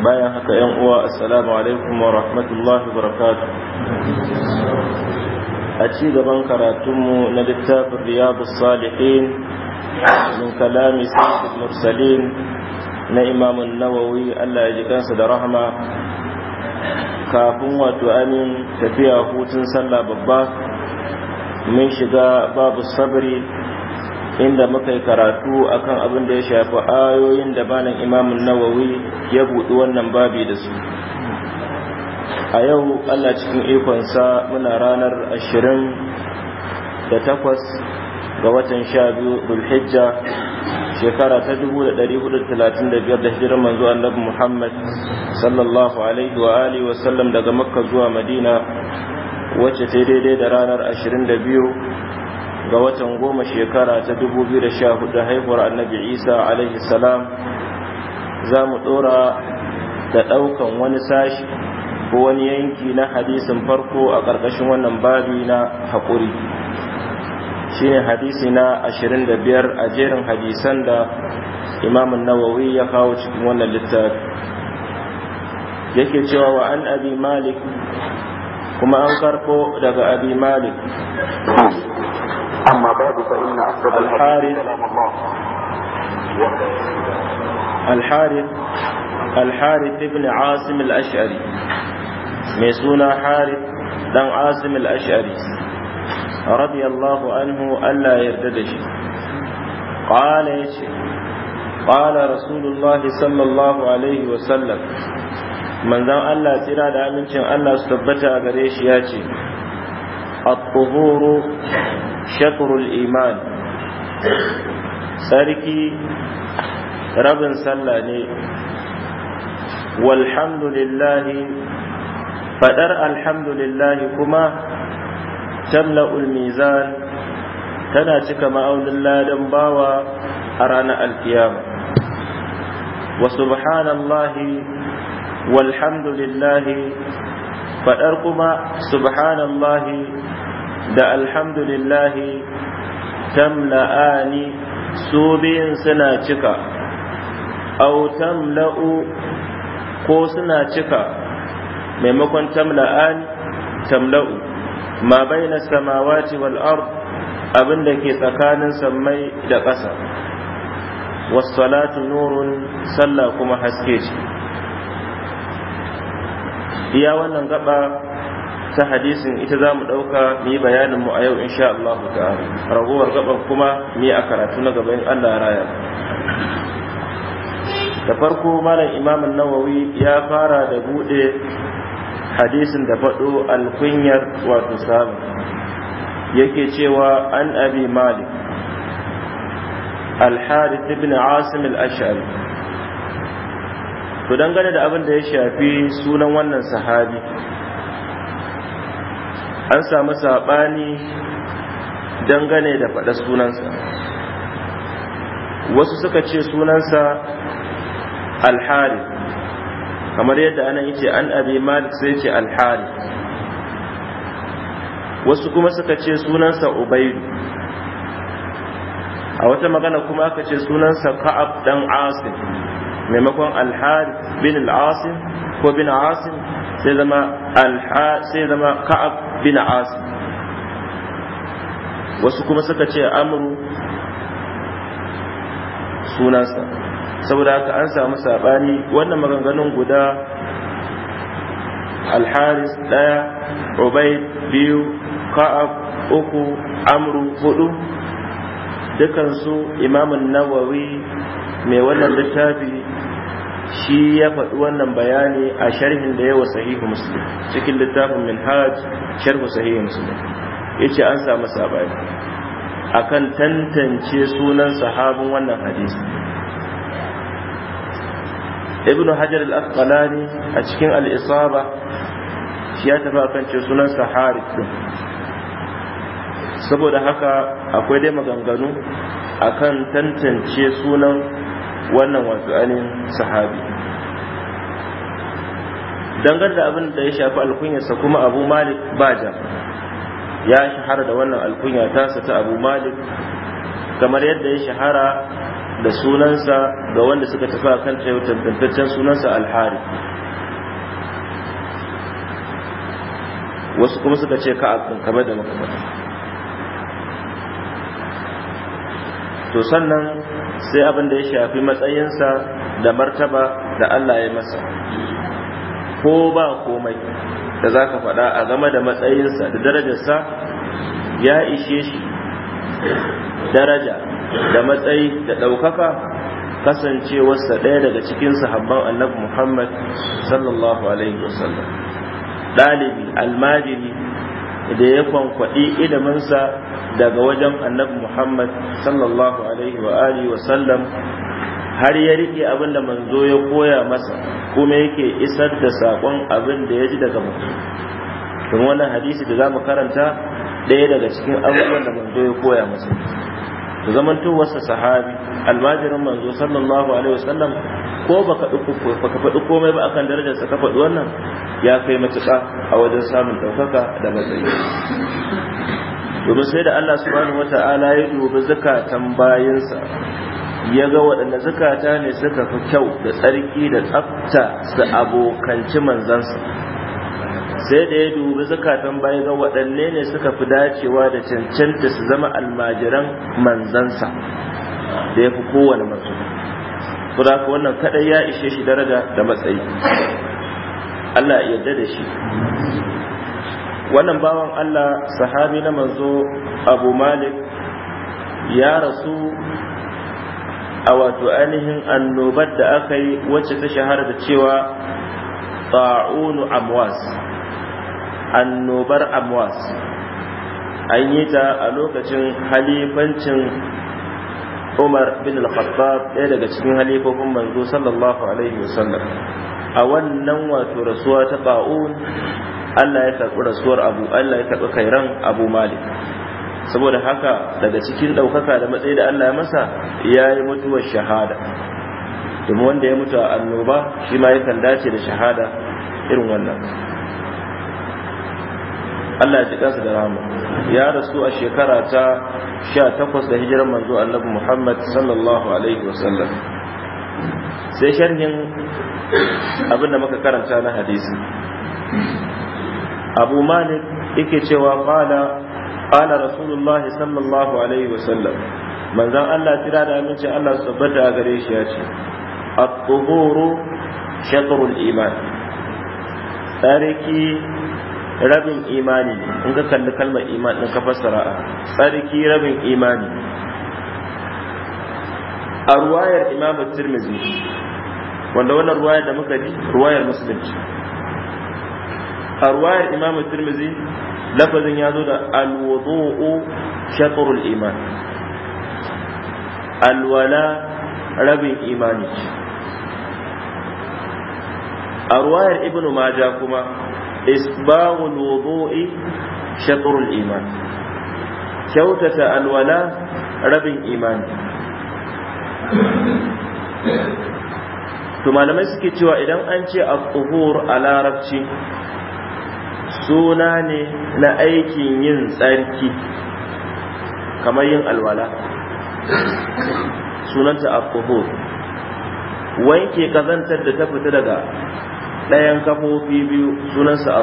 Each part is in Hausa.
bayan haka yan uwa assalamu alaikum wa rahmatullahi wa barakatu a ci gaban karatunmu na littafin riyadu salihin min kalami sayyid mursalin na imamun nawawi Allah ya ji kansa da rahama kafin wato amin tafiya hutun sallah babba mun shiga babu sabri inda muka yi karatu akan abin da ya shafi ayoyin da malam imamun nawawi ya buɗi wannan babi da su a yau allah cikin ikonsa muna ranar ashirin da takwas ga watan sha biyu dulhijja shekara ta dubu da ɗari hudu talatin da biyar da hijirar manzo annabi muhammad sallallahu alaihi wa alihi wasallam daga makka zuwa madina wacce ta daidai da ranar ashirin da biyu ga watan goma shekara ta 2014 haihuwar annabi isa alaihi salam za mu ɗora da ɗaukan wani sashi ko wani yanki na hadisin farko a ƙarƙashin wannan babi na haƙuri shine hadisi na 25 a jerin hadisan da imamun nawawi ya kawo cikin wannan littafi yake cewa wa an abi malik kuma an karko daga abi malik أما بعد فإن أصدق الحديث كلام الله الحارث الحارث بن عاصم الأشعري ميسونا حارث دان عاصم الأشعري رضي الله عنه ألا يرددش قال يشي قال رسول الله صلى الله عليه وسلم من ذا الله ترى دا من الله استبتع غريش ياتي الطهور shatrul iman sarki rabin sallah ne walhamdulillahi fadar alhamdulillahi kuma tamla'ul mizan tana cika ma'aunin ladan bawa a ranar alkiyama wa subhanallahi walhamdulillahi fadar kuma subhanallahi da alhamdulillahi tamla'ani su biyun suna cika au tamla'u ko suna cika maimakon tamla'ani tamla'u ma bayna samawati wal ard abin ke tsakanin sammai da ƙasa wassalatu nurun sallah kuma haske ce iya wannan gaba ta hadisin ita za mu ɗauka mu yi bayanin mu a yau insha Allah ta'ala ragowar gaban kuma ni a karatu na gaban Allah raya da farko malam imamin nawawi ya fara da buɗe hadisin da faɗo alkunyar wato samu yake cewa an abi malik al-harith ibn asim al-ash'ari to dangane da abin da ya shafi sunan wannan sahabi an samu saɓani dangane da faɗa sunansa wasu suka ce sunansa alhari kamar yadda ana yace an abi malik sai ce alhari wasu kuma suka ce sunansa ubaidu a wata magana kuma aka ce sunansa ka'ab dan asim maimakon alhari bin al'asim ko bin asim sai zama ka'ab bin as wasu kuma suka ce amru sunansa saboda haka an samu saɓani wannan maganganun guda alharis ɗaya ubaid biyu ka'ab uku amru hudu dukansu imamun nawawi mai wannan littafi shi ya faɗi wannan bayani a sharhin da yawa sahihu muslim cikin littafin hajj sharhu sahihu muslim yace an samu sabani akan tantance sunan sahabin wannan hadisi ibn hajar al-asqalani a cikin al-isaba shi ya tafi akan ce sunan sahari saboda haka akwai dai maganganu akan tantance sunan wannan wato ainihin sahabi dangar da abin da ya shafi alkunyarsa kuma abu malik baja ya shahara da wannan alkunya tasa ta abu malik kamar yadda ya shahara da sunansa ga wanda suka tafi a kan tabbaitaccen sunansa alhari wasu kuma suka ce ka abin kamar da makamata to sannan sai abin da ya shafi matsayinsa da martaba da Allah ya masa ko ba komai da za ka faɗa a game da matsayinsa da darajarsa ya ishe shi daraja da matsayi da ɗaukaka kasancewarsa ɗaya daga cikin sahabban annabi Muhammad sallallahu alaihi wasallam ɗalibi almajiri da ya kwankwaɗi iliminsa daga wajen annabi Muhammad sallallahu alaihi wa alihi wa sallam har ya riƙe abin da manzo ya koya masa kuma yake isar da saƙon abin da ya ji daga manzo don wannan hadisi da za mu karanta ɗaya daga cikin abubuwan da manzo ya koya masa da zamantowarsa sahabi almajirin manzo sallallahu alaihi wasallam ko baka baka faɗi komai ba akan darajar sa ka faɗi wannan ya kai matuƙa a wajen samun ɗaukaka da matsayi domin sai da Allah subhanahu wata'ala ya dubi zakatan bayinsa ya ga waɗanda zakata ne suka fi kyau da tsarki da tsafta su abokanci manzansa sai da ya dubi zakatan baya ga waɗanne ne suka fi dacewa da cancanta su zama almajiran manzansa da ya fi kowane mutum ko da wannan kadai ya ishe shi daraja da matsayi Allah ya yarda da shi wannan bawan Allah sahabi na manzo Abu Malik ya rasu a wato ainihin annobar da aka yi wacce ta shahara da cewa ta'unu amwas annobar amwas an yi ta a lokacin halifancin umar bin al-khattab ɗaya daga cikin halifofin manzo sallallahu alaihi wasallam a wannan wato rasuwa ta ba'un Allah ya karɓi rasuwar abu Allah ya karɓi kairan abu malik saboda haka daga cikin ɗaukaka da matsayi da Allah ya masa ya yi mutuwar shahada domin wanda ya mutu a annoba shi ma yakan dace da shahada irin wannan Allah ya jika su da rahama ya rasu a shekara ta 18 da hijirar manzo Allah Muhammad sallallahu alaihi wasallam sai sharhin abin da muka karanta na hadisi Abu Malik yake cewa qala qala Rasulullahi sallallahu alaihi wasallam manzon Allah tira da amince Allah su tabbata gare shi ya ce at-tuhuru shatrul iman tsareki rabin imani ne in ka kalli kalmar imani ɗin ka fassara a tsarki rabin imani a ruwayar imam tirmidhi wanda wannan ruwayar da muka ji ruwayar musulunci a ruwayar imam tirmidhi lafazin ya zo da alwudu'u shatrul iman alwala rabin imani a ruwayar ibnu majah kuma isbaghul wudu'i shatrul iman kyautata alwala rabin imani to malamai suke cewa idan an ce a tsuhur a larabci suna ne na aikin yin tsarki kamar yin alwala sunanta a wanke kazantar da ta fita daga ɗayan kafofi biyu sunansa a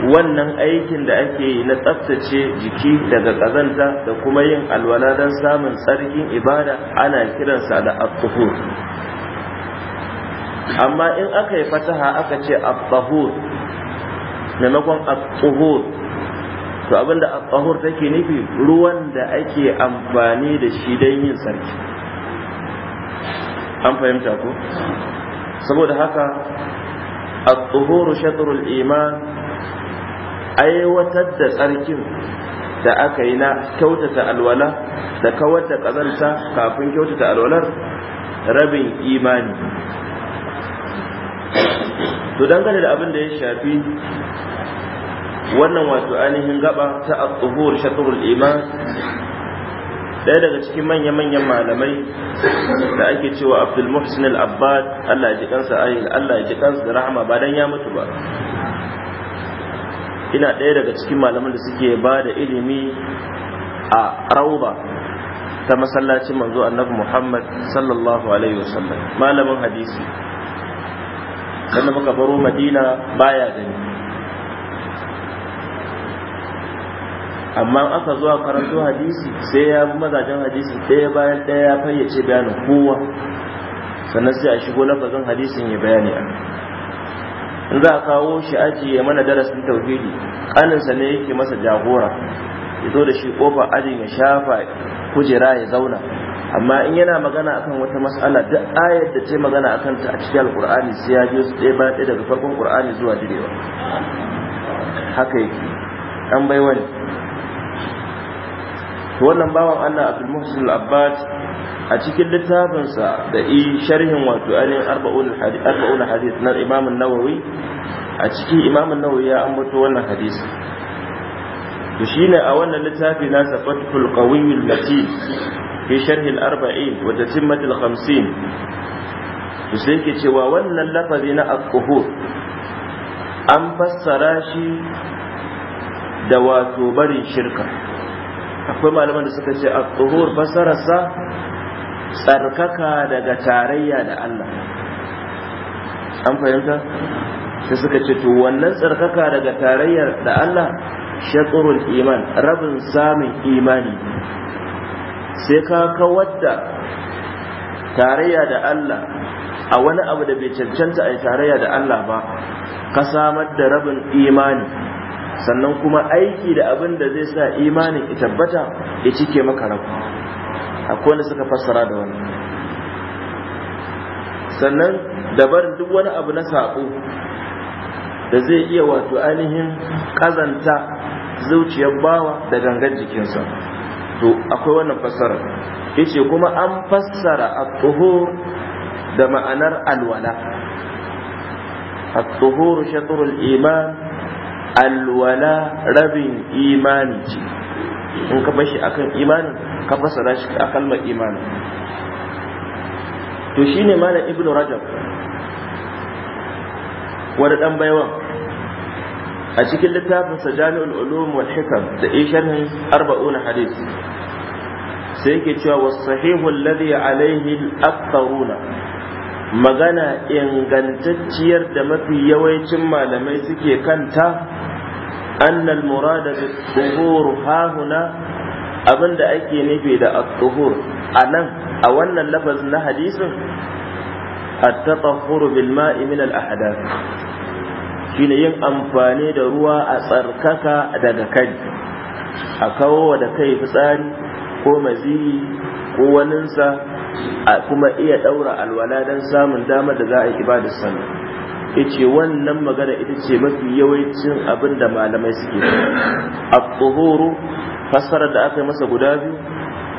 wannan aikin da ake yi na tsaftace jiki daga ƙazanta da kuma yin alwala don samun tsarkin ibada ana kiransa da at amma in aka yi fataha aka ce at-tahur maimakon to abinda at take nufi ruwan da ake amfani da shi don yin sarki an fahimta ko saboda haka at-tuhuru shatrul iman aiwatar da tsarkin da aka yi na kyautata alwala da kawar da kazanta kafin kyautata alwalar rabin imani to dangane da abin da ya shafi wannan wato ainihin gaba ta at-tuhur shatrul iman ɗaya daga cikin manya-manyan malamai da ake cewa abdul muhsin al-abbad allah ya ji kansa ayin allah ya ji kansa da rahama ba dan ya mutu ba ina ɗaya daga cikin malaman da suke ba da ilimi a rauba ta masallacin manzo annabi muhammad sallallahu alaihi wasallam malamin hadisi kana muka baro madina baya gani amma aka zuwa karanto hadisi sai ya bi mazajen hadisi ɗaya bayan ɗaya ya fayyace bayanin kowa sannan sai a shigo lafazin hadisin ya bayani a in za a kawo shi aji ya mana darasin tauhidi ƙaninsa ne yake masa jagora ya da shi ƙofar ajin ya shafa kujera ya zauna amma in yana magana akan wata mas'ala duk ayar da ce magana akan ta a cikin alƙur'ani sai ya biyo su ɗaya bayan ɗaya daga farkon ƙur'ani zuwa direwa haka yake an bai wani to wannan bawan Allah Abdul Muhsin Al-Abbad a cikin littafinsa da i sharhin wato ainihin arba'un hadith na Imam An-Nawawi a cikin Imam An-Nawawi ya ambato wannan hadisi to shine a wannan littafi na Safatul Qawiyyul Matin fi sharh al-arba'in wa tatimmat al-50 to sai yake cewa wannan lafazi na al-quhur an fassara shi da wato barin shirka akwai malaman da suka ce a tsohuwar fasararsa tsarkaka daga tarayya da Allah an fahimta sai suka ce to wannan tsarkaka daga tarayyar da Allah shakurul iman rabin samun imani sai ka kawar da tarayya da Allah a wani abu da bai cancanta a yi tarayya da Allah ba ka samar da rabin imani sannan kuma aiki da abin da zai sa imanin ya tabbata ya cike maka rabu akwai wanda suka fassara da wani sannan dabar duk wani abu na saƙo da zai iya wato ainihin ƙazanta zuciyar bawa da gangan jikinsa to akwai wannan fassara yace kuma an fassara at da ma'anar alwala at-tuhur shatrul iman alwala rabin imani ce in ka bashi akan imanin ka fasara shi a kalmar imanin to shine malam ibn rajab wani dan baiwan a cikin littafinsa jami'ul ulum wal hikam da isharhin arba'una hadith sai yake cewa wasu sahihu alladhi alaihi al-aktharuna magana ingantacciyar da mafi yawancin malamai suke kanta annal murada bi tuhur hahuna abinda ake nufi da at a anan a wannan lafazin na hadisin A tatahhur bil ma'i min al-ahdath shine yin amfani da ruwa a tsarkaka daga kai a kawo da kai fitsari ko maziyi ko waninsa a kuma iya ɗaura alwala don samun damar da za a yi ibadar sallah yace wannan magana ita ce mafi yawancin abinda malamai suke A tuhuru fassarar da aka masa guda biyu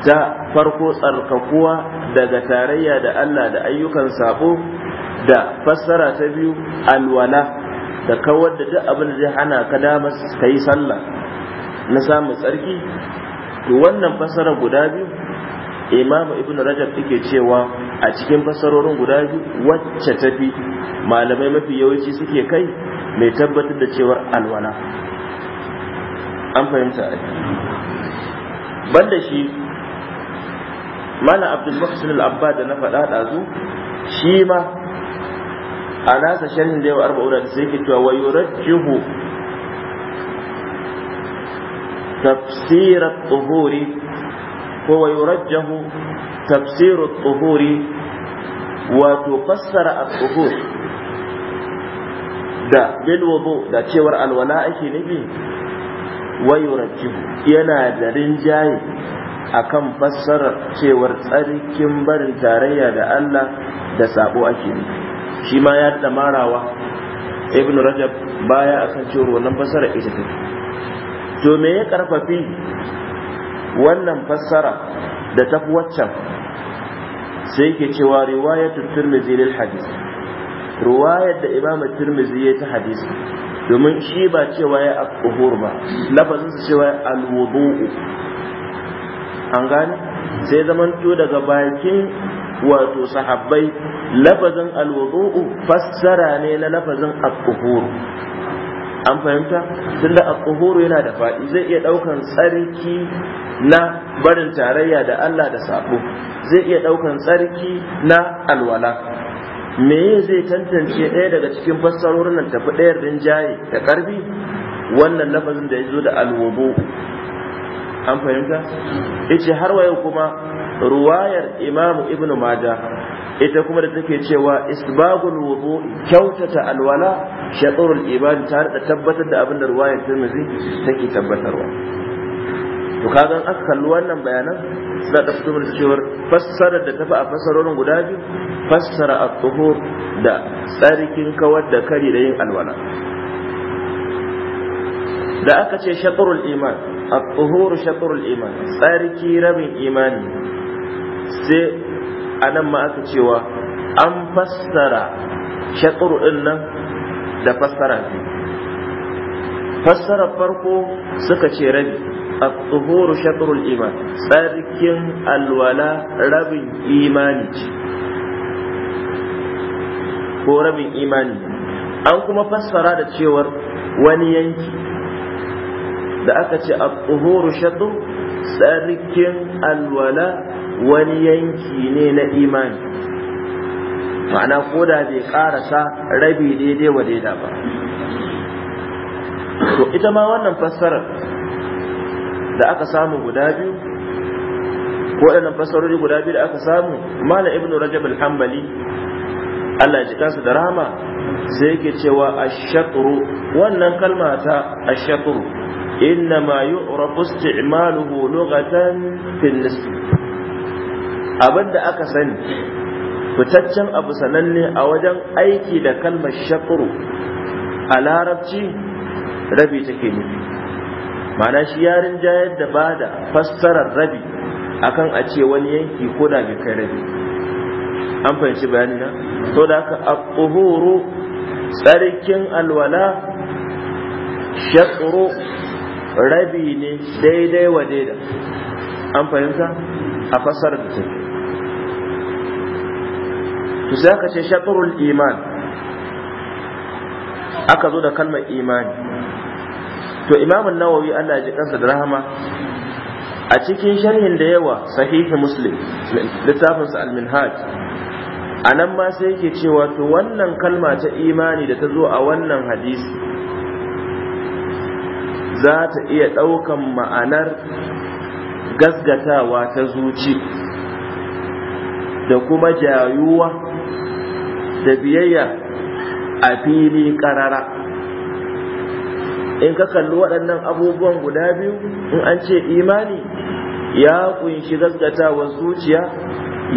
ta farko tsarkakuwa daga tarayya da Allah da ayyukan sabo da fassara ta biyu alwala da kawar da duk abin da zai hana ka damar ka yi sallah na samun tsarki to wannan fassara guda biyu imam ibn rajab yake cewa a cikin fasarorin guda biyu wacce tafi malamai mafi yawanci suke kai mai tabbatar da cewar alwala an fahimta a banda shi mana abdul muhsin al-abba da na faɗa ɗazu shi ma a nasa sharhin da yawa arba'u da sai ke cewa wa yurajjihu tafsirat tuhuri ko wa yurajjahu tafsiru tsuhuri wato fassara a da bilwabo da cewar alwala ake nufi wa yurajjihu yana da rinjaye akan fassarar cewar tsarkin barin tarayya da Allah da sabo ake nufi shi ma ya da marawa ibn rajab baya akan cewar wannan fassara ita take to me ya karfafi wannan fassara da tafi waccan sai ke cewa riwayatul tirmidhi lil hadith riwayat da imam tirmidhi ya ta hadisi domin shi ba cewa ya al-tuhur ba lafazin sa cewa al-wudu'u an gane sai zaman to daga bakin wato sahabbai lafazin al-wudu'u fassara ne na lafazin al an fahimta tunda al yana da fa'i zai iya daukan tsarki na barin tarayya da Allah da sabo zai iya ɗaukan tsarki na alwala me zai tantance ɗaya daga cikin fassarorin nan tafi ɗayar rinjaye da ƙarfi wannan lafazin da ya zo da alwabo an fahimta ita har wayo kuma ruwayar Imam Ibn maja ita kuma da take cewa isbagul wudu kyautata alwala shatrul iman ta da tabbatar da abin da ruwayar tirmidhi take tabbatarwa to kaga an aka kalli wannan bayanan za ka fito mana cewar fassara da tafi a fassarorin guda biyu fassara a tsoho da tsarkin kawar da kari da yin alwala da aka ce shatrul iman a tsohoro shatrul iman tsarki rabin imani sai a nan ma aka cewa an fassara shatrul din nan da fassara biyu fassara farko suka ce rabi at-tuhuru iman tsarkin alwala rabin imani ko rabin imani an kuma fassara da cewar wani yanki da aka ce at-tuhuru shatr tsarkin alwala wani yanki ne na imani ma'ana ko da bai karasa rabi daidai wa daida ba to ita ma wannan fassarar da aka samu guda biyu ko waɗannan fasarori guda biyu da aka samu mala ibnu rajab al-hanbali Allah ya kansa da rahama sai yake cewa ash shatru wannan kalma ta ash shatru inna ma yu'rafu isti'maluhu lughatan fil nisb abinda aka sani fitaccen abu sananne a wajen aiki da kalmar shakuru a larabci rabi take nufi mana shi yarin ja da ba da fassarar rabi akan a ce wani yanki ko da bai kai rabi an fahimci bayani na to da haka at tsarkin alwala shakuru rabi ne daidai wa daida an fahimta a fassarar da take to sai aka ce shaqrul iman aka zo da kalmar imani to imam nawawi Allah ya ji kansa da rahama a cikin sharhin da yawa sahihi muslim littafin sa al-minhaj anan ma sai yake cewa to wannan kalma ta imani da ta zo a wannan hadisi za ta iya ɗaukan ma'anar gasgatawa ta zuci da kuma jayuwa da biyayya a fili ƙarara in ka kalli waɗannan abubuwan guda biyu in an ce imani ya kunshi gaskatawar zuciya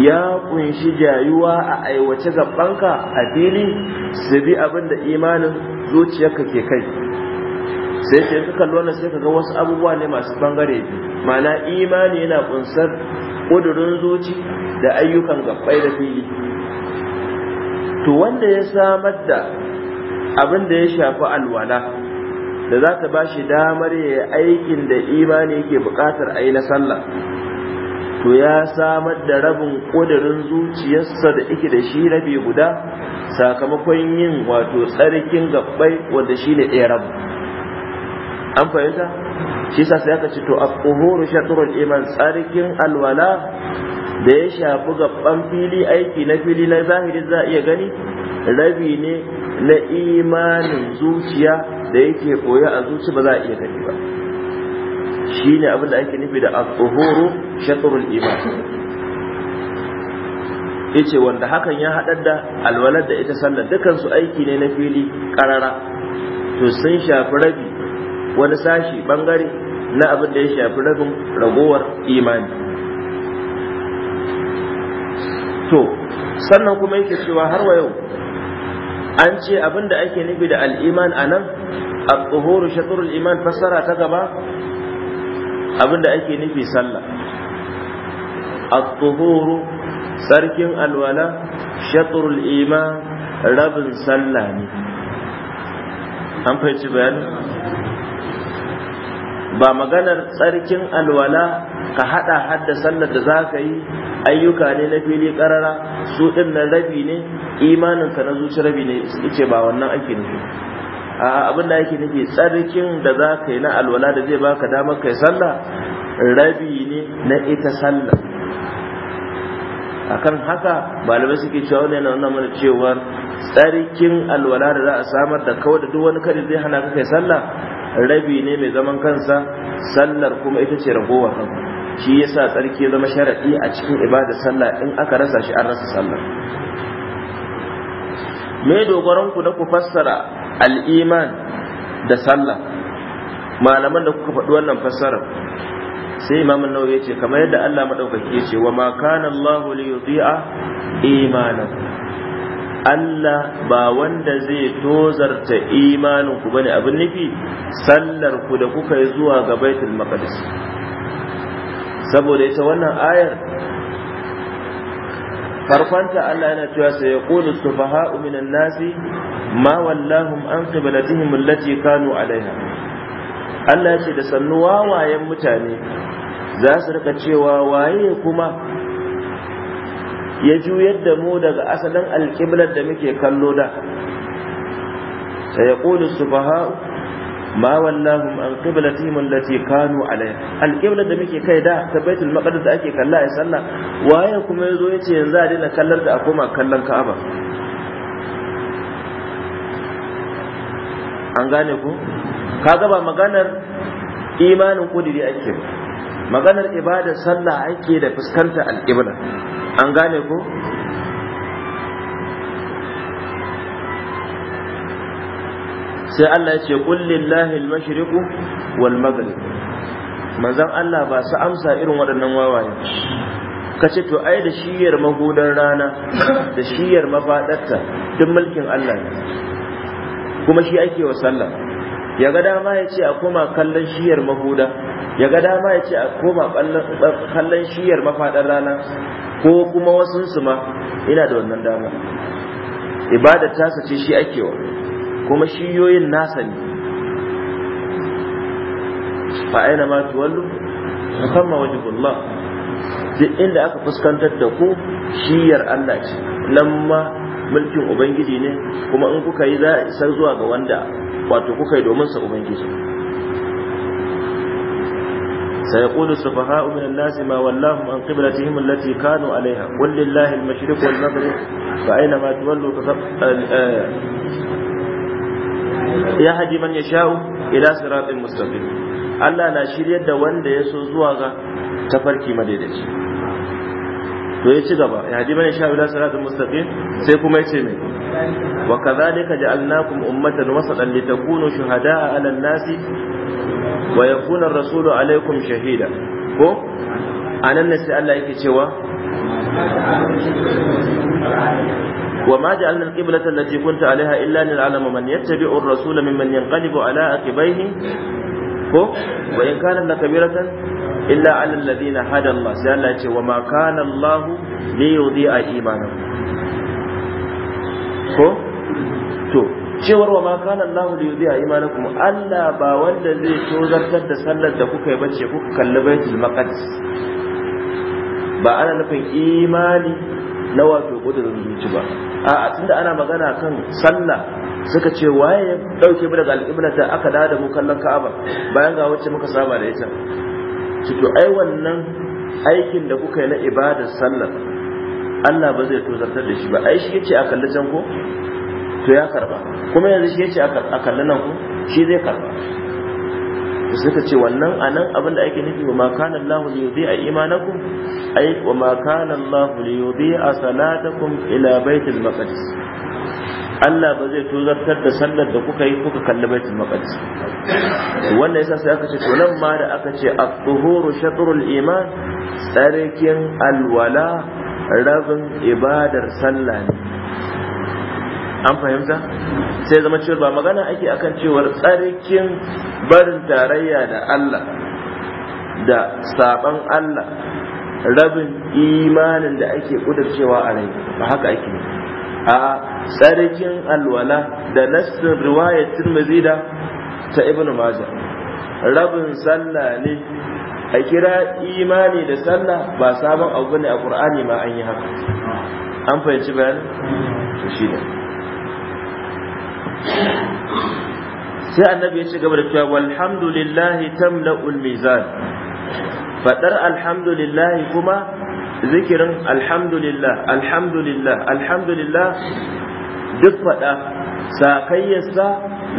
ya kunshi jayuwa a aiwace gabanka a fili su bi abin da imanin zuciyarka ke kai sai ce ka kalli wannan sai ka ga wasu abubuwa ne masu bangare mana imani yana kunsar ƙudurin zuci da ayyukan gabbai da fili to wanda ya samar da abin da ya shafi alwala da za ta ba shi damar ya yi aikin da imani yake buƙatar a yi na sallah to ya samar da rabin ƙudurin zuciyarsa da ike da shi rabi guda sakamakon yin wato tsarkin gabbai wanda shi ne ɗaya rabu an fahimta shi sa sai aka ce to a ƙuhuru shatrul iman tsarkin alwala da ya shafi gabban fili aiki na fili na zahiri za a iya gani rabi ne na imanin zuciya da yake koya a zuci ba za a iya gani ba shi ne abin da ake nufi da al-tsohoro shatrul iman yace wanda hakan ya haɗar da alwalar da ita sallar su aiki ne na fili ƙarara to sun shafi rabi wani sashi bangare na abin da ya shafi rabin ragowar imani to sannan kuma yake cewa har wa yau an ce abin da ake nufi da al'iman a nan a tsohoro shaturul iman fassara ta gaba abin da ake nufi sallah a tsohoro sarkin alwala shaturul iman rabin sallah ne an fahimci bayanin ba maganar tsarkin alwala ka hada hadda sallar da zaka yi ayyuka ne na fili karara su din na rabi ne imanin ka na zuci rabi ne yace ba wannan ake nufi a abin da ake nufi tsarkin da zaka yi na alwala da zai baka damar kai sallah rabi ne na ita sallar akan haka malamai suke cewa wannan yana nuna mana cewa tsarkin alwala da za a samar da kawai da duk wani kare zai hana ka kai sallah rabi ne mai zaman kansa sallar kuma ita ce ragowa kanka shi yasa tsarki ya zama sharadi a cikin ibada sallah in aka rasa shi an rasa sallah me dogaron ku na ku fassara al-iman da sallah malaman da kuka faɗi wannan fassara sai imam an-nawawi yace kamar yadda Allah madaukaki yace wa ma kana Allah li yudhi'a Imanan. Allah ba wanda zai tozarta ku bane abin nufi sallar ku da kuka yi zuwa ga baitul maqdis saboda ita wannan ayar farkonta Allah yana cewa sai ya kulu sufaha'u minan nasi ma wallahum an qiblatihim allati kanu alaiha Allah ya ce da sannu wawayen mutane za su rika cewa waye kuma ya juyar da mu daga asalin alƙiblar da muke kallo da sai ya kulu sufaha'u ma wallahum an qiblatihim allati kanu alaiha alqibla da muke kai da ta baitul maqdis da ake kalla ai sallah waye kuma yazo yace yanzu a daina kallar da a koma kallon ka'aba an gane ku kaga ba maganar imanin kudiri ake maganar ibadar sallah ake da fuskanta alqibla an gane ku sai Allah ya ce qul lillahi al mashriqu wal maghrib manzon Allah ba su amsa irin waɗannan wawaye ka ce to ai da shiyar magudan rana da shiyar mafaɗarta duk mulkin Allah ne kuma shi ake wa sallah ya ga dama ya ce a koma kallon shiyar mahuda ya ga dama ya ce a koma kallon shiyar mafaɗar rana ko kuma wasu ma ina da wannan dama ibada ta ce shi ake wa kuma shiyoyin nasa ne fa aina ma tuwallu musamman wajibullah duk inda aka fuskantar da ku shiyar Allah ce nan ma mulkin ubangiji ne kuma in kuka yi za a isar zuwa ga wanda wato kuka yi domin sa ubangiji سيقول السفهاء من الناس ما ولاهم عن قبلتهم التي كانوا عليها قل لله المشرق والمغرب فأينما تولوا haji man yasha'u ila siratin mustaqim Allah na shiryar da wanda ya so zuwa ga tafarki madaidaici to ya ci gaba haji man yasha'u ila siratin mustaqim sai kuma yace me wa kadhalika ja'alnakum ummatan wasatan litakunu shuhada'a 'ala an-nasi wa yakuna ar-rasulu 'alaykum shahida ko anan ne sai Allah yake cewa وما جعلنا القبلة التي كنت عليها إلا لنعلم من يتبع الرسول ممن ينقلب على عقبيه وإن كانت لكبيرة إلا على الذين هدى الله سأل وما كان الله ليضيع إيمانه ko to cewar wa ma kana Allah li yudhi'a imanakum Allah ba wanda zai zartar da sallar da kuka yi bace kuka kalli baitul maqdis ba ana nufin imani na wato kudurin zuci ba a tunda ana magana kan sallah suka ce waye ya dauke mu daga al-qibla ta aka dawo da mu kallon Ka'aba bayan ga wacce muka saba da ita ci to ai wannan aikin da kuka yi na ibadar sallah Allah ba zai tozartar da shi ba ai shi yace a kalli can ko to ya karba kuma yanzu shi yace a kalli nan ko shi zai karba suka ce wannan anan abin da ake nufi wa ma kana Allahu li a imanakum ay wa ma kana Allahu li a salatakum ila baitil maqdis Allah ba zai tozartar da sallar da kuka yi kuka kalli baitul maqdis wannan yasa sai aka ce to nan ma da aka ce at-tuhuru shatrul iman tsarkin alwala rabin ibadar sallah ne an fahimta sai zama cewa ba magana ake akan cewar tsarkin barin tarayya da Allah da saban Allah rabin imanin da ake kudurcewa a rai ba haka ake a tsarkin alwala da nassin riwayar mazida ta ibnu majah rabin sallah ne a kira imani da sallah ba sabon abu ne a qur'ani ma an yi haka an fahimci bayan to ne sai annabi ya ci gaba da cewa walhamdulillahi tamla'ul mizan fadar alhamdulillahi kuma zikirin alhamdulillah alhamdulillah alhamdulillah duk faɗa sakayyarsa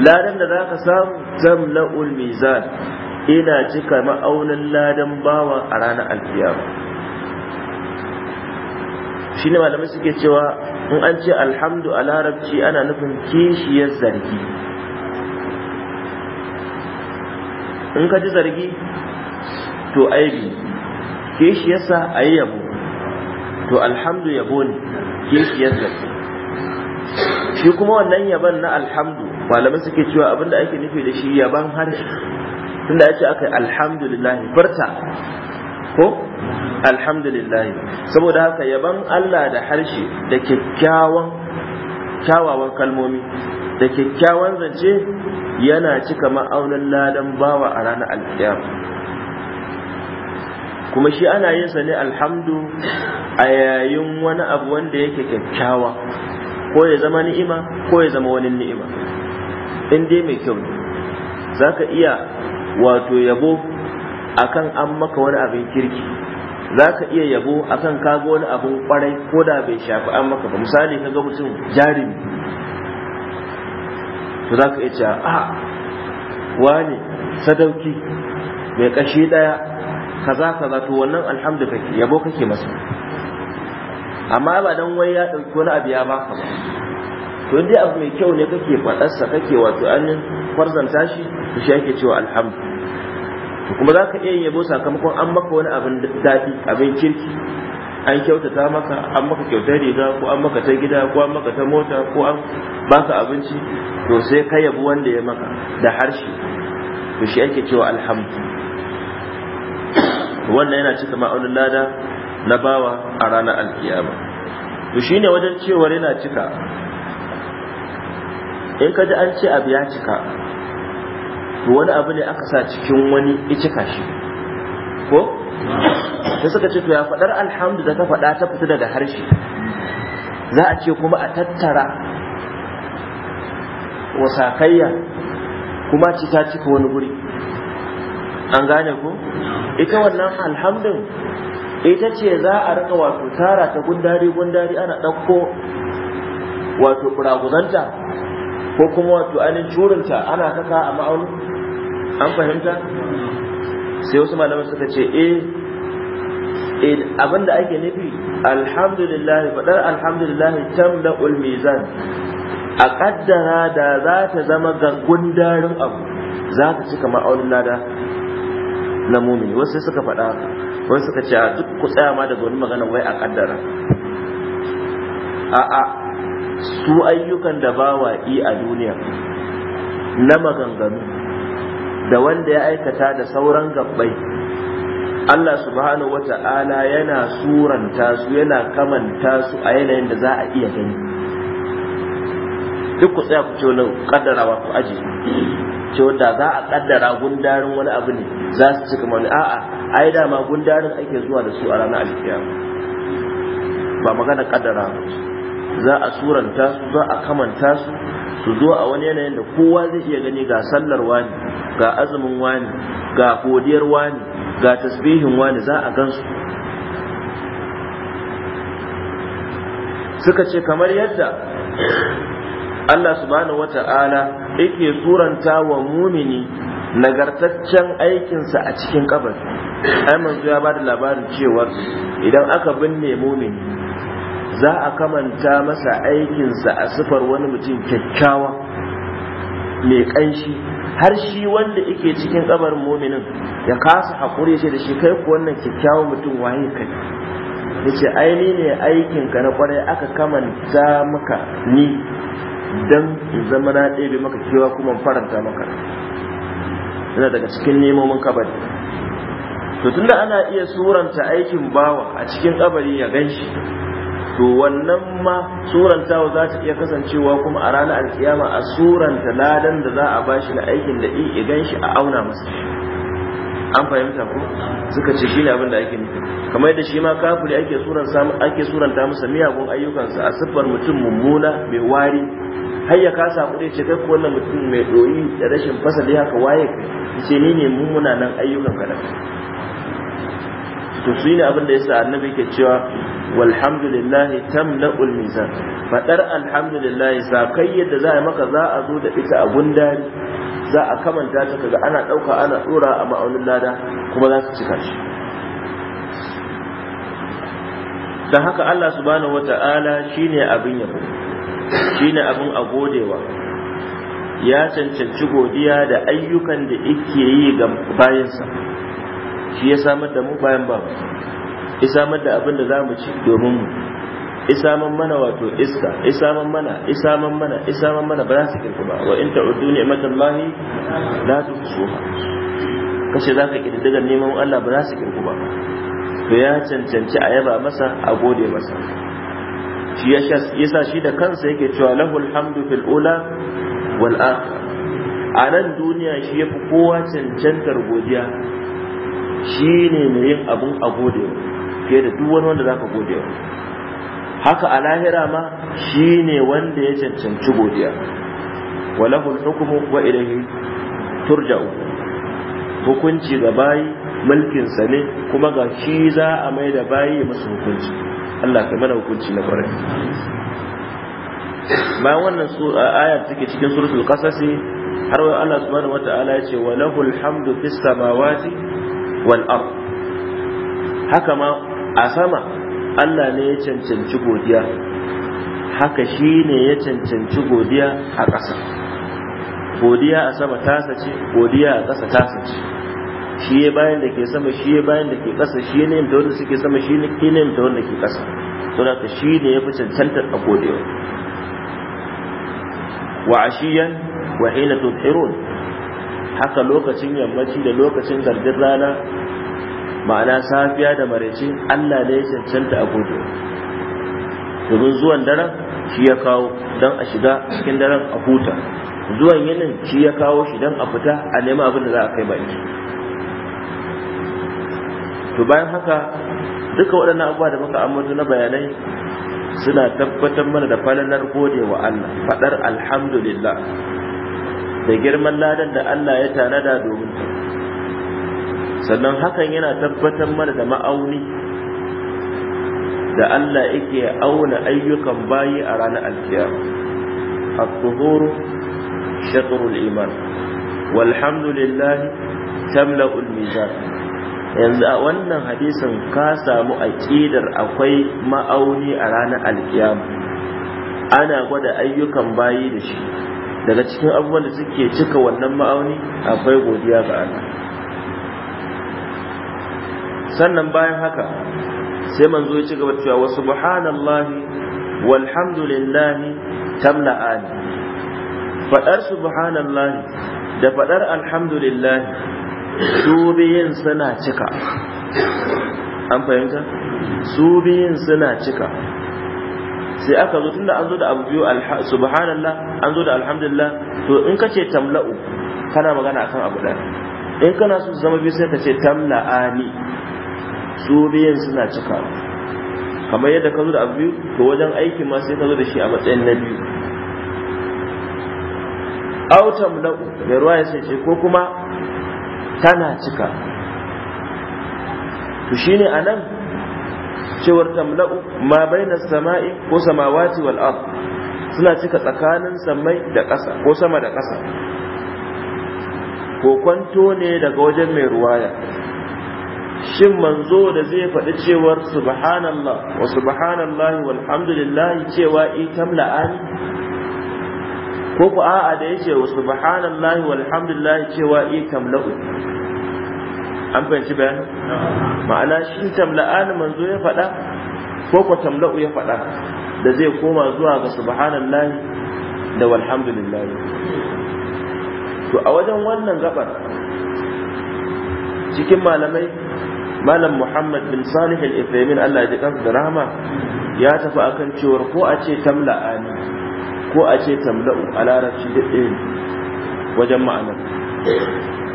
ladan da za ka samu tamla'ul mizan ina cika ma'aunin ladan bawa a ranar alfiyar. shi ne malamai suke cewa in an ce alhamdu a larabci ana nufin kishiyar zargi in ka ji zargi to aibi ke shi yasa a yi yabo to alhamdu yabo ne ke shi yasa shi kuma wannan yaban na alhamdu malamai suke cewa abinda ake nufi da shi yaban har tunda ya ce aka yi alhamdulillah furta ko alhamdulillah saboda haka yaban Allah da harshe da kyakkyawan kyawawan kalmomi da kyakkyawan zance yana cika ma'aunin ladan bawa a ranar alkiyama kuma shi ana yin sa ne alhamdu a yayin wani abu wanda yake kyakkyawa ko ya zama ni'ima ko ya zama wani ni'ima in dai mai kyau ne za ka iya wato yabo akan an maka wani abin kirki za ka iya yabo akan kago wani abun kwarai ko da bai shafi an maka ba misali ka ga mutum jarumi to za ka iya cewa a wani sadauki mai kashi daya kaza kaza to wannan alhamdu kake yabo kake masa amma ba dan wai ya dauki wani abu ya baka ba to dai abu mai kyau ne kake fadarsa kake wato an kwarzanta shi to shi yake cewa alhamdu kuma za ka iya yin yabo sakamakon an maka wani abin daɗi abin kirki an kyautata maka an maka kyauta riga ko an maka ta gida ko an maka ta mota ko an baka abinci to sai ka yabo wanda ya maka da harshe to shi ake cewa alhamdu wannan yana cika ma'aunin lada na bawa a ranar alkiyama to ne wajen cewar yana cika in ka ji an ce abu ya cika wani abu ne aka sa cikin wani icika shi ko sai suka ce to ya faɗar alhamdu da ta faɗa ta fita daga harshe za a ce kuma a tattara wasakayya kuma ci ta cika wani guri an gane ko ita wannan alhamdun ita ce za a rika wato tara ta gundari gundari ana ɗauko wato kuraguzanta ko kuma wato ainihin curinta ana saka a ma'auni an fahimta sai wasu malamai suka ce eh, eh abinda ake nufi alhamdulillah faɗar alhamdulillah tamla ulmizan a ƙaddara da za ta zama gangun darin abu za ta cika ma'aunin lada na mumini wasu suka faɗa Wasu suka ce duk ku tsaya ma daga wani magana wai a ƙaddara a'a su ayyukan da bawa yi a duniya na maganganu da wanda ya aikata da sauran gabbai Allah subhanahu wa ta'ala yana suranta su yana kamanta su a yanayin da za a iya gani duk ku tsaya ku ce wani wa ku aji ce wanda za a kaddara gundarin wani abu ne za su cika mani a'a ai dama gundarin ake zuwa da su a ranar alkiyama ba magana kaddara ba za a suranta su za a kamanta su su zo a wani yanayin da kowa zai iya gani ga sallar wani ga azumin wani ga godiyar wani ga tasbihin wani za a gansu suka ce kamar yadda Allah subhanahu wata'ala yake suranta wa mumini nagartaccen aikinsa a cikin kabari ai manzo ya bada labarin cewar idan aka binne mumini za a kamanta masa aikinsa a sifar wani mutum kyakkyawa mai ƙanshi har shi wanda yake cikin kabarin muminin ya kasa haƙuri ce da shi kai ku wannan kyakkyawan mutum waye kai ya ce aini ne aikinka na kwarai aka kamanta maka ni don in zama na ɗebe maka kewa kuma faranta maka yana daga cikin nemomin kabari to tunda ana iya suranta aikin bawa a cikin kabari ya ganshi. to wannan ma surantawa za ta iya kasancewa kuma a ranar alkiyama a suranta ladan da za a bashi na aikin da i gan shi a auna masa an fahimta ko suka ce shi ne abin da ake nufi kamar yadda shi ma kafiri ake suranta ake ta masa miyagun ayyukansa a siffar mutum mummuna mai wari har ya kasa kuɗi ce kai ko wannan mutum mai doyi da rashin fasali haka waye kai ce ni ne nan ayyukan ka to su ne abin da sa annabi ke cewa walhamdulillah tamla'ul mizan fadar alhamdulillah sakayyar yadda za a maka za a zo da ita a gundari za a kamanta ta kaga ana ɗauka ana tsora a ma'aunin lada kuma za su cika shi dan haka Allah subhanahu wata'ala shine abin yabo shine abin a godewa ya cancanci godiya da ayyukan da yake yi ga bayansa shi ya samar da mu bayan ba mu ya samar da abin da za mu ci domin mu samar mana wato iska samar mana samar mana samar mana ba za su kirku ba wa in ta'uddu ni'matallahi la tuhsuha kace za ka kididdigar neman Allah ba za su kirku ba to ya cancanci a yaba masa a gode masa shi yasa shi da kansa yake cewa lahul hamdu fil ula wal akhir a nan duniya shi yafi kowa cancantar godiya shi ne mai yin abin a godewa fiye da duk wani wanda za ka godewa haka a lahira ma shi ne wanda ya cancanci godiya walahul hukumu wa ilahi turja'u hukunci ga bayi mulkinsa ne kuma ga shi za a mai da bayi masu hukunci Allah kai mana hukunci na kwarai bayan wannan ayar take cikin suratul qasasi har wa Allah subhanahu wata'ala ya ce walahul hamdu fis samawati wal ard haka ma a sama Allah ne ya cancanci godiya haka shi ne ya cancanci godiya a ƙasa godiya a sama tasa ce godiya a ƙasa tasa ce shi ya bayan da ke sama shi ya bayan da ke ƙasa shi ne da wanda suke sama shi ne da wanda ke ƙasa to haka shi ne ya fi cancantar a godiya wa ashiyan wa hina tudhirun haka lokacin yammaci da lokacin zargin rana ma'ana safiya da maraice Allah ne ya cancanta a gudu domin zuwan daren shi ya kawo don a shiga cikin daren a huta zuwan yinin shi ya kawo shi don a fita a nema abin da za a kai baki to bayan haka duka waɗannan abubuwa da muka ambato na bayanai suna tabbatar mana da falalar gode wa Allah faɗar alhamdulillah da girman ladan da Allah ya tanada domin sannan hakan yana tabbatar mana da ma'auni da Allah yake auna ayyukan bayi a ranar alkiyama at-tuhuru shatrul iman walhamdulillah tamla'ul mizan yanzu a wannan hadisin ka samu aqidar akwai ma'auni a ranar alkiyama ana gwada ayyukan bayi da shi daga cikin abubuwan da suke cika wannan ma'auni akwai godiya ga Allah sannan bayan haka sai manzo ya ci gaba cewa wa subhanallahi walhamdulillahi tamla'ani fadar subhanallahi da fadar alhamdulillahi su biyin suna cika an fahimta su biyin suna cika sai aka zo tunda an zo da abu biyu subhanallah an zo da alhamdulillah to in ka ce tamla'u kana magana akan abu ɗaya in kana so zama biyu sai ka ce tamla'ani su biyan suna cika kamar yadda ka zo da abu biyu to wajen aiki ma sai ka zo da shi a matsayin na biyu au tamla'u da ruwa ya ce ko kuma tana cika to shine anan cewar tamla'u ma baina sama'i ko samawati wal ard suna cika tsakanin samai da ƙasa ko sama da ƙasa ko kwanto ne daga wajen mai ruwaya shin manzo da zai faɗi cewar subhanallah wa subhanallahi walhamdulillahi cewa itam la'ani ko ku a'a da yace wa subhanallahi walhamdulillahi cewa itam la'u an fahimci bayan? ma'ana shi tamla'ani manzo ya faɗa ko ko tamla'u ya faɗa da zai koma zuwa ga subhanallahi da walhamdulillahi to a wajen wannan gabar cikin malamai malam muhammad bin salih al-ifrimin allah ya ji kansa da rahama ya tafi akan cewar ko a ce tamla'ani ko a ce tamla'u a larabci da wajen ma'anar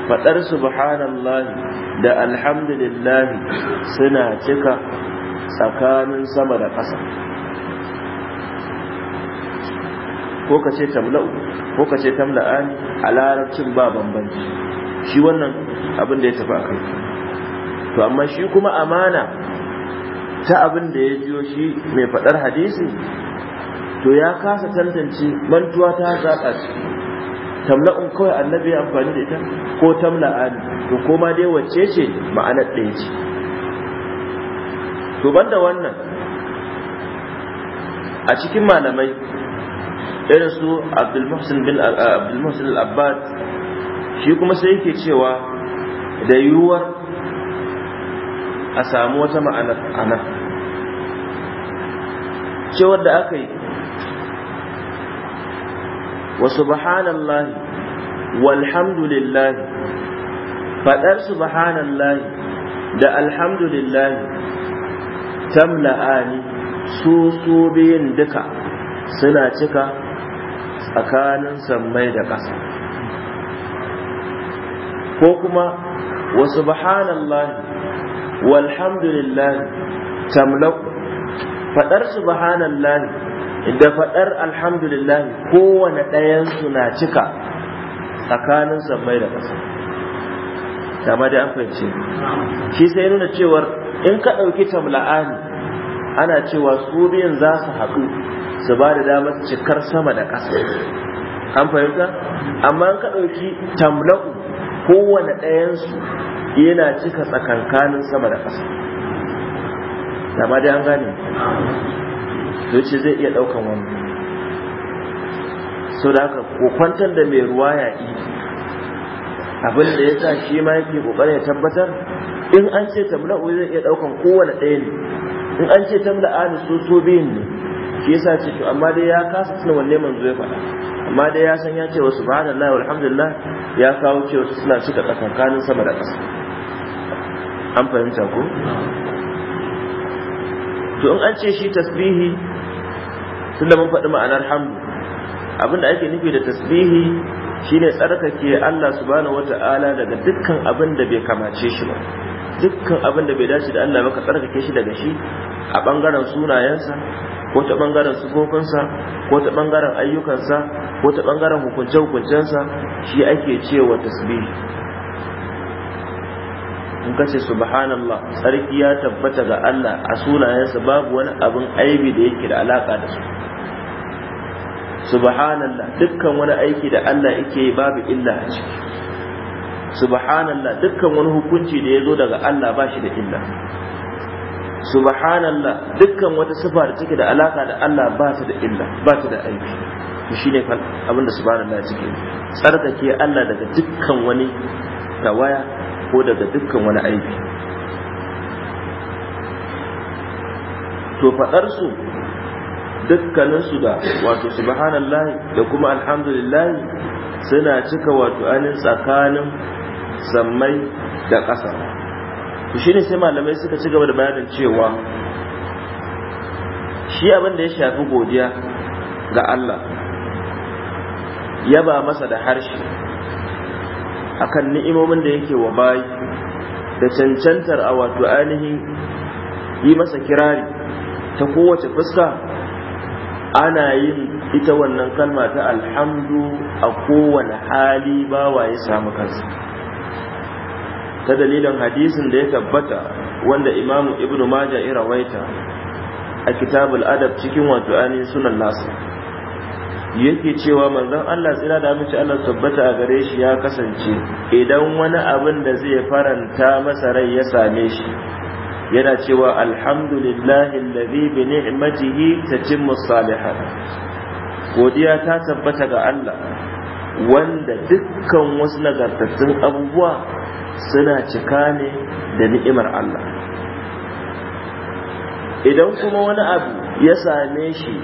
faɗar subhanallah da alhamdulillahi suna cika tsakanin sama da ƙasa ko ka ce tamla'u ko ka ce tamla'an a larabcin ba bambanci shi wannan abin da ya tafi a kai to amma shi kuma amana ta abin da ya jiyo shi mai faɗar hadisi to ya kasa tantance mantuwa ta zaɓa in kawai annabi ya amfani da ita ko tamla'ani to koma dai wacce ce ma'anar ɗaya ce to banda wannan a cikin malamai irin su Abdul bin al-abbad shi kuma sai yake cewa da yiwuwar a samu wata ma'anar ana cewar da aka yi wa subhanallahi walhamdulillah fadar subhanallahi da alhamdulillah tamla'ani su su biyun duka suna cika tsakanin sammai da ƙasa ko kuma wa subhanallahi walhamdulillahi tamla'u fadar subhanallahi da faɗar alhamdulillah kowane ɗayansu na cika tsakanin sammai da ƙasa ma dai an fahimce shi sai nuna cewar in ka ɗauki tamla'ani ana cewa su biyun za su haɗu su ba da damar cikar sama da ƙasa an fahimta amma in ka ɗauki tamla'u kowane ɗayansu yana cika tsakankanin sama da ƙasa ma dai an gane to ce zai iya daukan wannan so da haka kwantar da mai ya yi abin da ya sa shi ma yake kokarin ya tabbatar in an ce tamla zai iya daukan kowane ɗaya ne in an ce tamla ali so so biyun ne shi yasa ce to amma dai ya kasa tuna wanne manzo ya faɗa amma dai ya san ya ce wa subhanallahi walhamdulillah ya kawo wasu suna cika tsakankanin sama da ƙasa an fahimta ko to in an ce shi tasbihi tunda mun faɗi ma'anar hamdu Abin da ake nufi da tasbihi shine tsarkake Allah subhanahu wata'ala daga dukkan abin da bai kamace shi ba dukkan abin da bai dace da Allah ba ka tsarkake shi daga shi a bangaren sunayensa ko ta bangaren sufofinsa ko ta bangaren ayyukansa ko ta bangaren hukunce-hukuncensa shi ake cewa tasbihi in kace subhanallah sarki ya tabbata ga Allah a sunayensa babu wani abin aibi da yake da alaka da su subhanallah dukkan wani aiki da Allah yake yi babu illa a ciki subhanallah dukkan wani hukunci da ya zo daga Allah ba shi da illa subhanallah dukkan wata sifa da take da alaka da Allah ba ta da illa ba ta da aiki to shine abin da subhanallah ya tsarkake Allah daga dukkan wani tawaya ko daga dukkan wani aiki to faɗarsu dukkaninsu da wato subhanallahi da kuma alhamdulillah, suna cika wato anin tsakanin sammai da ƙasa to shine sai malamai suka ci gaba da bayanin cewa shi abin da ya shafi godiya ga Allah ya ba masa da harshe akan ni'imomin da yake wa bayi da cancantar a wato ainihin yi masa kirari ta kowace fuska ana yin ita wannan kalma ta alhamdu a kowane hali bawa ya samu kansa ta dalilin hadisin da ya tabbata wanda imamu ibnu maja irawaita a kitabul adab cikin wato ainihin sunan nasa yake cewa manzon Allah tsira da Aminci Allah tabbata a gare shi ya kasance idan wani abin da zai faranta masa rai ya same shi yana cewa alhamdulillahi alladhi bi ni'matihi tatimmu salihat godiya ta tabbata ga Allah wanda dukkan wasu nagartattun abubuwa suna cika ne da ni'imar Allah idan kuma wani abu ya same shi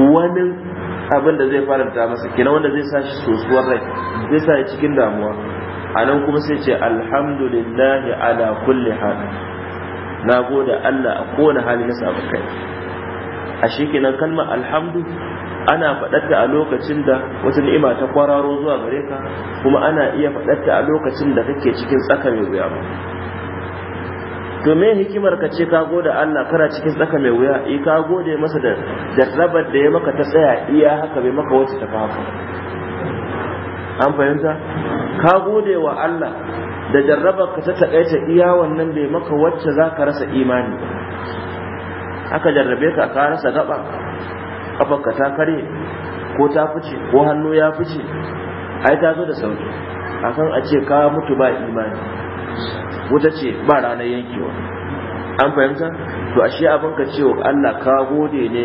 wani abin da zai faranta masa kenan wanda zai sa shi sosuwar rai zai sa shi cikin damuwa a nan kuma sai ce alhamdulillahi ala kulli hal na gode Allah a kowane hali na samu kai a shi kenan kalmar alhamdu ana faɗatta a lokacin da wata ni'ima ta kwararo zuwa gare ka kuma ana iya faɗatta a lokacin da kake cikin tsaka mai wuya ba. to me hikimar ka ce ka gode Allah kana cikin tsaka mai wuya i eh, ka gode masa da jarrabar da ya maka ta tsaya iya haka bai maka wacce ta haka. an fahimta ka gode wa Allah da jarrabar ka ta takaita iya wannan bai maka wacce za ka rasa imani aka jarrabe ka ka rasa gaba kafarka ta kare ko ta fice ko hannu ya fice ai ta zo da sauki akan a ce ka mutu ba imani wuta ce ba ranar yankewa an fahimta to ashe abin ka cewa Allah ka gode ne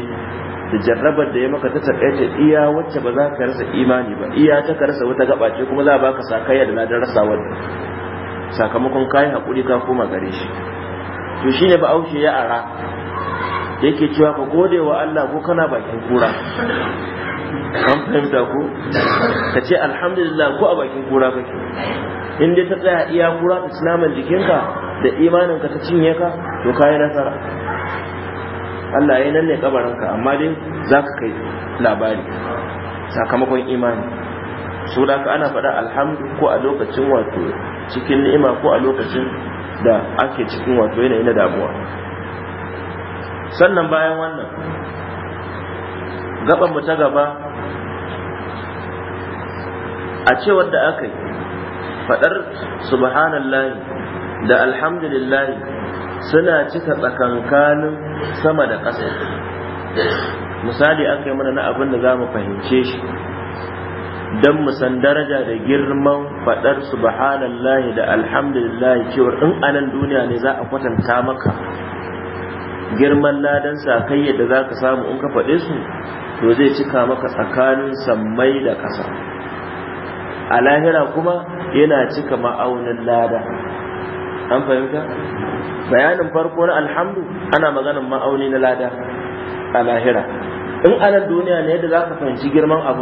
da jarrabar da ya maka ta takaita iya wacce ba za ka rasa imani ba iya ta ka rasa wata gaba ce kuma za a baka sakayya da ladan wadda sakamakon kayan haƙuri ka koma gare shi to shine ba aushe ya ara yake cewa ka gode wa Allah ko kana bakin kura an fahimta ko ka ce alhamdulillah ko a bakin kura kake in dai ta tsaya iya kura ta naman jikinka da imaninka ta cinye ka to ka yi nasara Allah ya nan ne kabarinka amma dai za ka kai labari sakamakon imani su da ka ana faɗa alhamdu ko a lokacin wato cikin ni'ima ko a lokacin da ake cikin wato yanayi na damuwa sannan bayan wannan gaban mu ta gaba a cewar da aka yi Faɗar subhanallahi da alhamdulillahi suna cika tsakankanin sama da ƙasa misali an kai mana na abin da za mu fahimce shi don mu san daraja da girman faɗar subhanallahi da alhamdulillahi cewa in anan duniya ne za a kwatanta maka girman ladan sa yadda za ka samu in ka faɗe su to zai cika maka tsakanin sammai da ƙasa a lahira kuma yana cika ma'aunin lada an fahimta bayanin farko na alhamdu ana maganin ma'auni na lada a lahira in anan duniya ne yadda za ka fahimci girman abu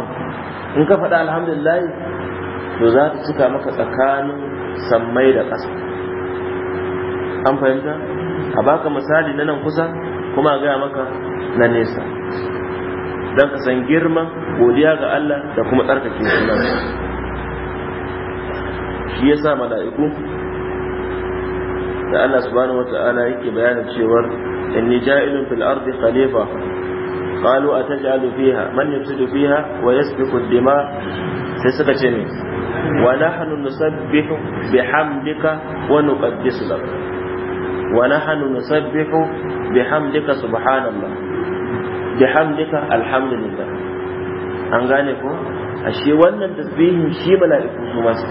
in ka faɗa alhamdulillah to za ta cika maka tsakanin sammai da ƙasa an fahimta a baka misali na nan kusa kuma a gaya maka na nesa don ka san girman godiya ga Allah da kuma tsarkake sunan shi sa mala'iku da Allah subhanahu wata'ala yake bayanin cewar inni ja'ilun fil ardi khalifa qalu ja’alu fiha man yufsidu fiha wa yasfiku ad-dima sai suka ce ne wa nahnu nusabbihu bihamdika wa nuqaddisu lak wa nahnu nusabbihu bihamdika subhanallah bihamdika alhamdulillah an gane ko ashe wannan tasbihin shi mala'iku su masu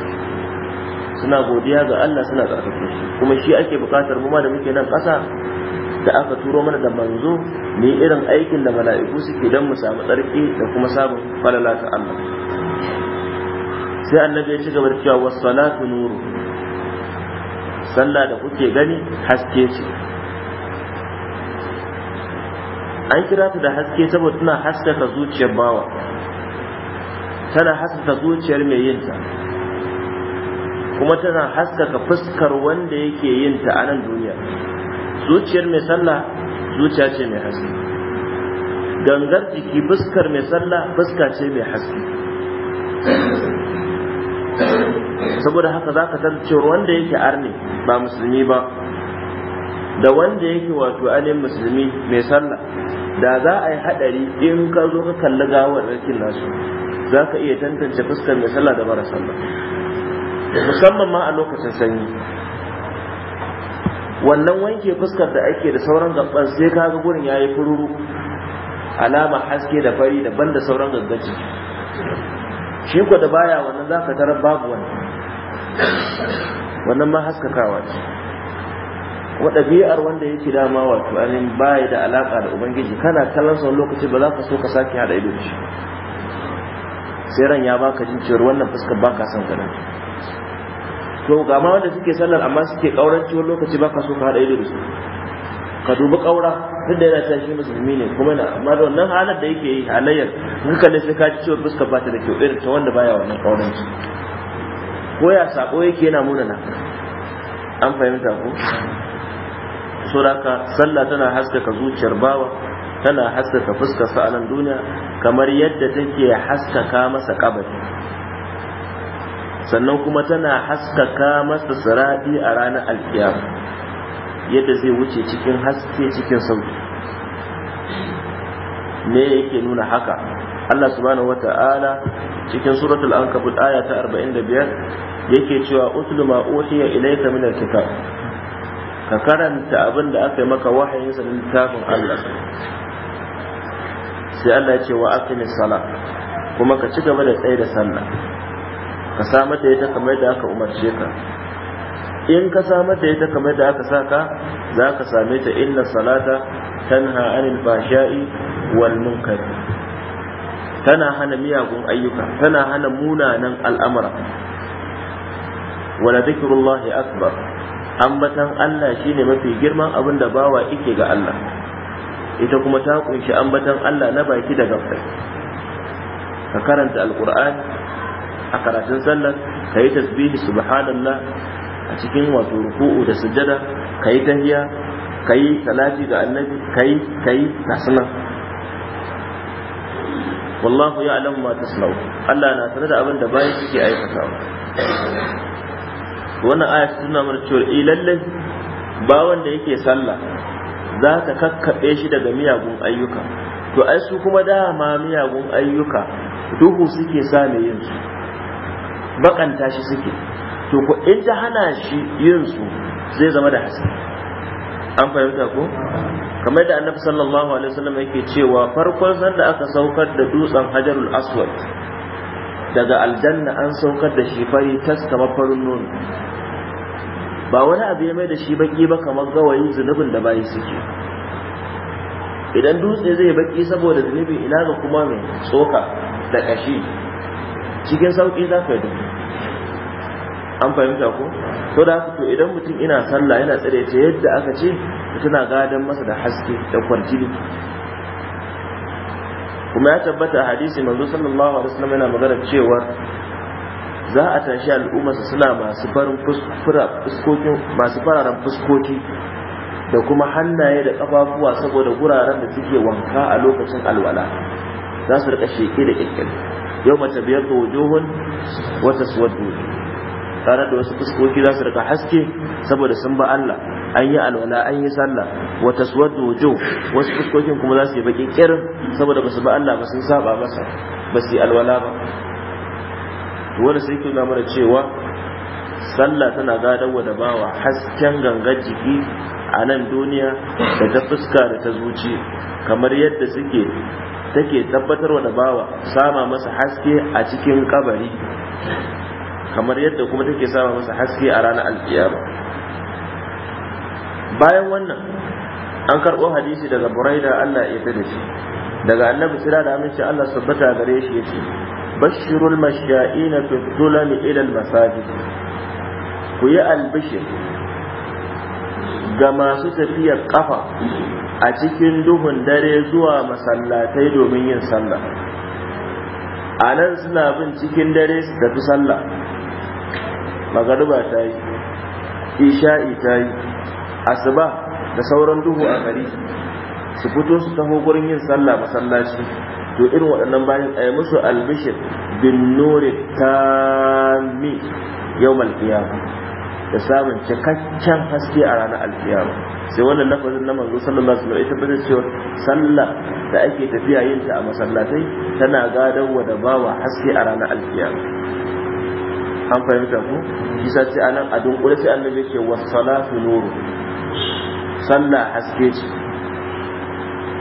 suna godiya ga Allah suna karfafa shi kuma shi ake bukatar mu ma da muke nan kasa da aka turo mana da manzo ne irin aikin da mala'iku suke dan mu samu tsarki da kuma samun falala ta Allah sai annabi ya ci gaba da cewa wassalatu nuru sallah da kuke gani haske ce an kira ta da haske saboda tana haskaka zuciyar bawa tana haskaka zuciyar mai yinta kuma tana haskaka fuskar wanda yake yin ta a nan duniya zuciyar mai sallah zuciya ce mai haske gangar jiki fuskar mai sallah fuska ce mai haske saboda haka za ka cewa wanda yake arne ba musulmi ba da wanda yake wato ainihin musulmi mai sallah da za a yi haɗari in ka zo ka kalli gawar rikin nasu za ka iya tantance fuskar mai sallah da mara sallah musamman ma a lokacin sanyi wannan wanke fuskar da ake da sauran gaban sai kaga gurin yayi fururu alama haske da fari daban da sauran gaggaci shi ko da baya wannan zaka tarar babu wani wannan ma haskakawa ce wa ɗabi'ar wanda yake dama wato anin baya da alaka da ubangiji kana kallon sa lokaci ba za ka so ka sake hada ido da shi sai ran ya baka jin cewa wannan fuskar baka son ka to ga ma wanda suke sallar amma suke kauranci wani lokaci baka so ka hada ido da su ka dubi kaura duk da yana cewa shi musulmi ne kuma na amma da wannan halar da yake yi halayyar in kalle sai ka ji cewa fuskar ba ta da kyau irin ta wanda baya wannan kauranci ko ya sako yake yana muna na an fahimta ko so da ka sallah tana haskaka zuciyar bawa tana haskaka fuskar sa a nan duniya kamar yadda take haskaka masa kabari sannan kuma tana haskaka masa siradi a ranar alkiyar yadda zai wuce cikin haske cikin sauki me yake nuna haka Allah subhanahu ta'ala cikin suratul ankabut aya ta 45 yake cewa utlu ma uhiya ilayka min alkitab ka karanta abin da aka yi maka wahayin sa littafin Allah sai Allah ya ce wa aqimis sala kuma ka ci gaba da tsaye da sallah ka samar da ita kamar da aka umarce ka in ka samar da ita kamar da aka saka za ka same ta inna salata tanha anil fahsha'i wal munkar tana hana miyagun ayyuka tana hana munanan al'amura wala dhikrullahi akbar ambatan Allah shine mafi girman abin da bawa yake ga Allah ita kuma ta kunshi ambatan Allah na baki da gafai ka karanta alqur'ani a karatun sallar ka yi tasbihi subhanallah a cikin wato ruku'u da sujada. ka yi tahiya ka yi salati ga annabi ka yi ka yi sunan wallahu ya ma tasnau Allah na sanar da abin da bayan suke aikatawa wannan aya ta nuna mana cewa eh lallai ba wanda yake sallah za ka kakkaɓe shi daga miyagun ayyuka to ai su kuma dama miyagun ayyuka duhu suke sa yin su bakanta shi suke to ko in ta hana shi yin su zai zama da haske an fahimta ko kamar da annabi sallallahu alaihi wasallam yake cewa farkon san da aka saukar da dutsen hajarul aswad daga aljanna an saukar da shi fari tas kamar farin nono ba wani abu ya mai da shi baki ba kamar gawayin zunubin da bayi suke idan dutse zai baki saboda zunubi ina ga kuma mai tsoka da kashi cikin sauki za ka yi an fahimta ko so da haka to idan mutum ina sallah yana tsare ta yadda aka ce tana gadan masa da haske da kwartili kuma ya tabbata a hadisi manzo sallallahu alaihi wasallam yana magana cewa za a tashi al'umma suna masu farin fuskura masu fararen fuskoki da kuma hannaye da kafafuwa saboda guraren da suke wanka a lokacin alwala za su rika sheke da kirkir yau mace biyar da wujuhun wata suwar tare da wasu fuskoki za su rika haske saboda sun ba Allah an yi alwala an yi sallah wa taswaddu wujuh wasu fuskokin kuma za su yi bakin kirin saboda ba su ba Allah ba sun saba masa ba su yi alwala ba to wanda sai ke nuna da cewa sallah tana gadon da bawa hasken gangar jiki a nan duniya da ta fuska da ta zuci kamar yadda suke take tabbatarwa da bawa sama masa haske a cikin kabari kamar yadda kuma take sama masa haske a ranar alkiyama bayan wannan an karɓo hadisi daga buraida Allah ya da shi daga annabi sira da aminci Allah sabbata gare shi yace bashirul masha'ina fi dhulal ila al masajid ku yi albishir ga masu tafiyar kafa a cikin duhun dare zuwa masallatai domin yin sallah a nan suna bin cikin dare su tafi sallah magariba ta yi isha'i ta yi asuba da sauran duhu a gari su fito su taho gurin yin sallah masallaci to irin waɗannan bayan a yi musu albishir bin nuri mi yau malkiyama da samun cikakken haske a ranar alkiyama sai wannan lafazin na manzo sallallahu alaihi wasallam ita bada cewa sallah da ake tafiya yin ta a masallatai tana gadon wa da bawa haske a ranar alkiyama an fahimta ku isa ce anan a dunkule sai annabi yake wassalatu nuru sallah haske ce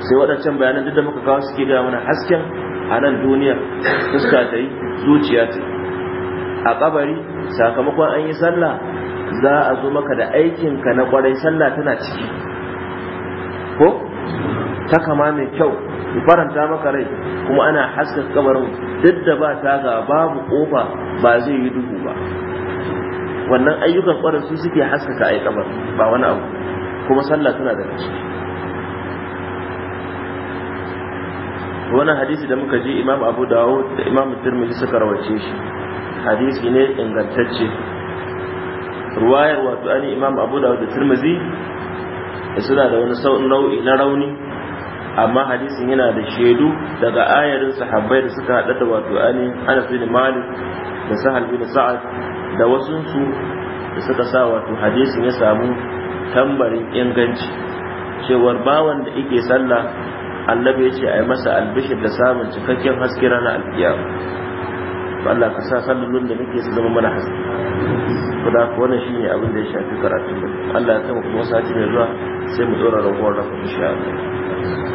sai waɗancan bayanan duk da muka kawo suke gaya mana hasken a nan duniya fuska ta yi zuciya ta a kabari sakamakon an yi sallah za a zo maka da aikin ka na kwarai sallah tana ciki ko ta kama mai kyau ku faranta maka rai kuma ana haska kabarin duk da ba ta ga babu kofa ba zai yi duhu ba wannan ayyukan ƙwarar su suke haskaka a kamar ba wani abu kuma sallah tana da ciki wannan hadisi da muka ji imam abu dawo da imam turmiji suka rawace shi hadisi ne ingantacce ruwayar wato ani imam abu dawo da turmizi suna da wani nau'i na rauni amma hadisin yana da shaidu daga ayarin sahabbai da suka hada da wato ani anas bin malik da sahal bin sa'ad da su da suka sa wato hadisin ya samu tambarin inganci cewar bawan da yake sallah annabi ya ce a yi masa albishir da samun cikakken haske rana alkiyama Allah ka sa sallolin da muke su zama mana haske kuma wannan shine abin da ya shafi karatu Allah ya kama kuma sati mai zuwa sai mu dora ragowar rafa insha Allah